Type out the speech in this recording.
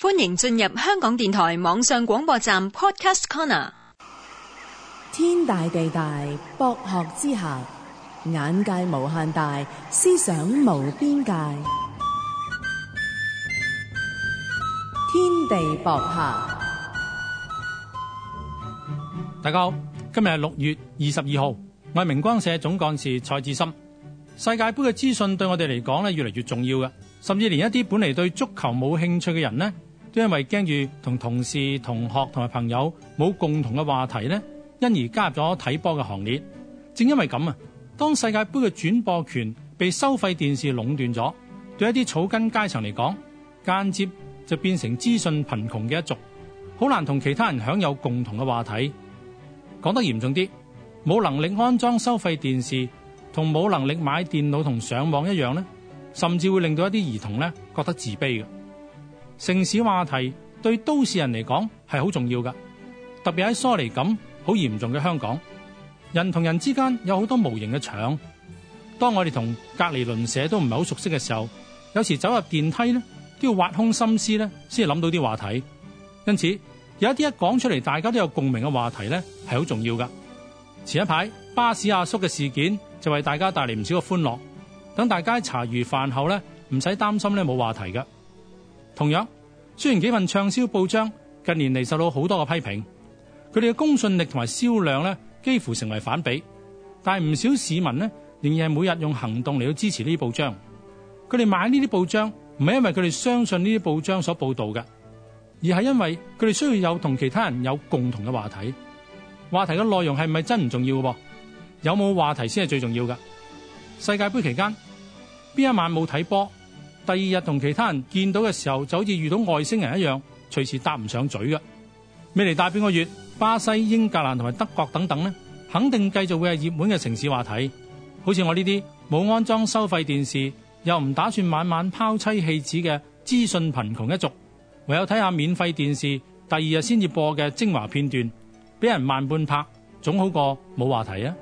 歡迎進入香港電台網上廣播站 Podcast Corner。天大地大，博學之下，眼界無限大，思想無邊界。天地博客，大家好，今日係六月二十二號，我係明光社總幹事蔡志森。世界杯嘅資訊對我哋嚟講呢，越嚟越，越重要嘅，甚至連一啲本嚟對足球冇興趣嘅人，人呢。都因為驚住同同事、同學同埋朋友冇共同嘅話題呢，因而加入咗睇波嘅行列。正因為咁啊，當世界盃嘅轉播權被收費電視壟斷咗，對一啲草根階層嚟講，間接就變成資訊貧窮嘅一族，好難同其他人享有共同嘅話題。講得嚴重啲，冇能力安裝收費電視，同冇能力買電腦同上網一樣呢，甚至會令到一啲兒童呢覺得自卑嘅。城市話題對都市人嚟講係好重要噶特別喺疏離感好嚴重嘅香港，人同人之間有好多無形嘅牆。當我哋同隔籬鄰舍都唔係好熟悉嘅時候，有時走入電梯呢，都要挖空心思呢，先諗到啲話題。因此，有一啲一講出嚟，大家都有共鳴嘅話題呢，係好重要噶前一排巴士阿叔嘅事件就為大家帶嚟唔少嘅歡樂，等大家茶餘飯後呢，唔使擔心呢冇話題噶同樣，雖然幾份暢銷報章近年嚟受到好多嘅批評，佢哋嘅公信力同埋銷量咧幾乎成為反比，但係唔少市民咧仍然係每日用行動嚟到支持呢啲報章。佢哋買呢啲報章唔係因為佢哋相信呢啲報章所報道嘅，而係因為佢哋需要有同其他人有共同嘅話題。話題嘅內容係咪真唔重要嘅？有冇話題先係最重要㗎？世界杯期間，邊一晚冇睇波？第二日同其他人見到嘅時候，就好似遇到外星人一樣，隨時搭唔上嘴㗎。未嚟大半個月，巴西、英格蘭同埋德國等等咧，肯定繼續會係熱門嘅城市話題。好似我呢啲冇安裝收費電視，又唔打算晚晚拋妻棄子嘅資訊貧窮一族，唯有睇下免費電視第二日先至播嘅精華片段，俾人慢半拍，總好過冇話題啊！